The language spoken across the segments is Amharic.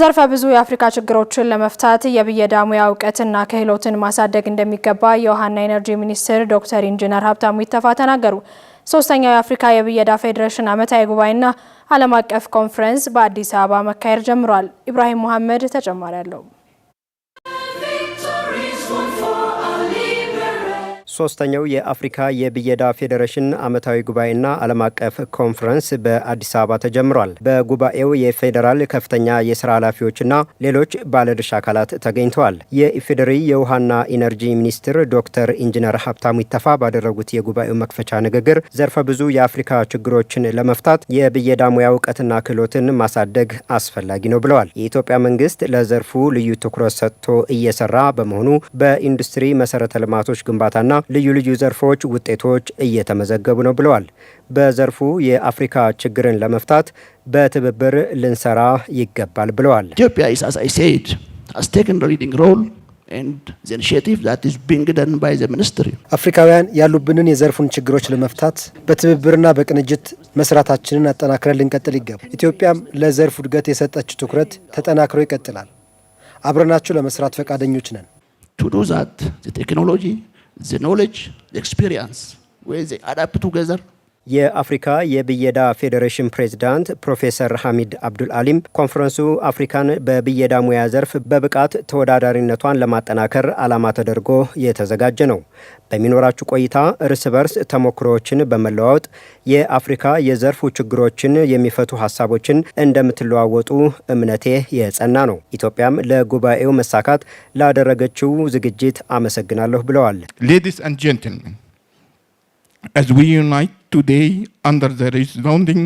ዘርፈ ብዙ የአፍሪካ ችግሮችን ለመፍታት የብየዳ ሙያ እውቀትና ክህሎትን ማሳደግ እንደሚገባ የውሃና ኤነርጂ ሚኒስትር ዶክተር ኢንጂነር ሀብታሙ ይተፋ ተናገሩ። ሶስተኛው የአፍሪካ የብየዳ ፌዴሬሽን ዓመታዊ ጉባኤና ዓለም አቀፍ ኮንፈረንስ በአዲስ አበባ መካሄድ ጀምሯል። ኢብራሂም መሐመድ ተጨማሪ አለው። ሶስተኛው የአፍሪካ የብየዳ ፌዴሬሽን ዓመታዊ ጉባኤና ዓለም አቀፍ ኮንፈረንስ በአዲስ አበባ ተጀምሯል። በጉባኤው የፌዴራል ከፍተኛ የስራ ኃላፊዎችና ሌሎች ባለድርሻ አካላት ተገኝተዋል። የኢፌዴሪ የውሃና ኢነርጂ ሚኒስትር ዶክተር ኢንጂነር ሀብታሙ ይተፋ ባደረጉት የጉባኤው መክፈቻ ንግግር ዘርፈ ብዙ የአፍሪካ ችግሮችን ለመፍታት የብየዳ ሙያ እውቀትና ክህሎትን ማሳደግ አስፈላጊ ነው ብለዋል። የኢትዮጵያ መንግስት ለዘርፉ ልዩ ትኩረት ሰጥቶ እየሰራ በመሆኑ በኢንዱስትሪ መሰረተ ልማቶች ግንባታና ልዩ ልዩ ዘርፎች ውጤቶች እየተመዘገቡ ነው ብለዋል። በዘርፉ የአፍሪካ ችግርን ለመፍታት በትብብር ልንሰራ ይገባል ብለዋል። ኢትዮጵያ አፍሪካውያን ያሉብንን የዘርፉን ችግሮች ለመፍታት በትብብርና በቅንጅት መስራታችንን አጠናክረን ልንቀጥል ይገባል። ኢትዮጵያም ለዘርፉ እድገት የሰጠችው ትኩረት ተጠናክሮ ይቀጥላል። አብረናችሁ ለመስራት ፈቃደኞች ነን። ቱ ዱ ዛት ቴክኖሎጂ the knowledge, the experience, where they adapt together የአፍሪካ የብየዳ ፌዴሬሽን ፕሬዝዳንት ፕሮፌሰር ሐሚድ አብዱል አሊም ኮንፈረንሱ አፍሪካን በብየዳ ሙያ ዘርፍ በብቃት ተወዳዳሪነቷን ለማጠናከር ዓላማ ተደርጎ የተዘጋጀ ነው። በሚኖራችሁ ቆይታ እርስ በርስ ተሞክሮዎችን በመለዋወጥ የአፍሪካ የዘርፉ ችግሮችን የሚፈቱ ሀሳቦችን እንደምትለዋወጡ እምነቴ የጸና ነው። ኢትዮጵያም ለጉባኤው መሳካት ላደረገችው ዝግጅት አመሰግናለሁ ብለዋል። ሌዲስ አንድ ጀንትልመን አዝ ዊ ዩናይት today under the resounding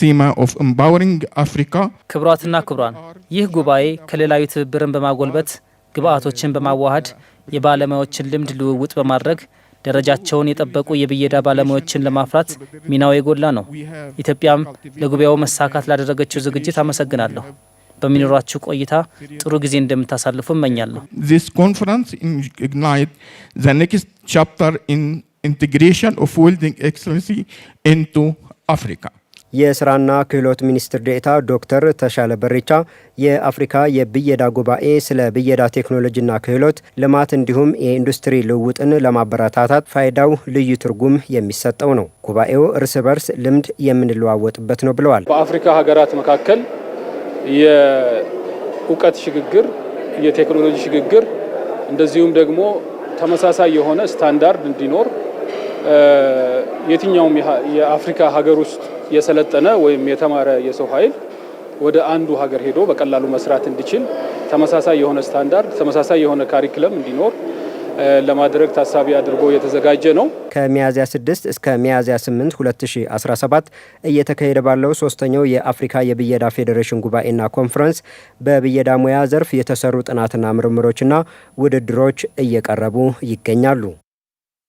theme of empowering Africa። ክቡራትና ክቡራን ይህ ጉባኤ ክልላዊ ትብብርን በማጎልበት ግብአቶችን በማዋሃድ የባለሙያዎችን ልምድ ልውውጥ በማድረግ ደረጃቸውን የጠበቁ የብየዳ ባለሙያዎችን ለማፍራት ሚናው የጎላ ነው። ኢትዮጵያም ለጉባኤው መሳካት ላደረገችው ዝግጅት አመሰግናለሁ። በሚኖራችሁ ቆይታ ጥሩ ጊዜ እንደምታሳልፉ እመኛለሁ። integration of welding excellency into Africa. የስራና ክህሎት ሚኒስትር ዴኤታ ዶክተር ተሻለ በሬቻ የአፍሪካ የብየዳ ጉባኤ ስለ ብየዳ ቴክኖሎጂና ክህሎት ልማት እንዲሁም የኢንዱስትሪ ልውውጥን ለማበረታታት ፋይዳው ልዩ ትርጉም የሚሰጠው ነው፣ ጉባኤው እርስ በርስ ልምድ የምንለዋወጥበት ነው ብለዋል። በአፍሪካ ሀገራት መካከል የእውቀት ሽግግር፣ የቴክኖሎጂ ሽግግር እንደዚሁም ደግሞ ተመሳሳይ የሆነ ስታንዳርድ እንዲኖር የትኛውም የአፍሪካ ሀገር ውስጥ የሰለጠነ ወይም የተማረ የሰው ኃይል ወደ አንዱ ሀገር ሄዶ በቀላሉ መስራት እንዲችል ተመሳሳይ የሆነ ስታንዳርድ፣ ተመሳሳይ የሆነ ካሪክለም እንዲኖር ለማድረግ ታሳቢ አድርጎ የተዘጋጀ ነው። ከሚያዝያ 6 እስከ ሚያዝያ 8 2017 እየተካሄደ ባለው ሶስተኛው የአፍሪካ የብየዳ ፌዴሬሽን ጉባኤና ኮንፈረንስ በብየዳ ሙያ ዘርፍ የተሰሩ ጥናትና ምርምሮችና ውድድሮች እየቀረቡ ይገኛሉ።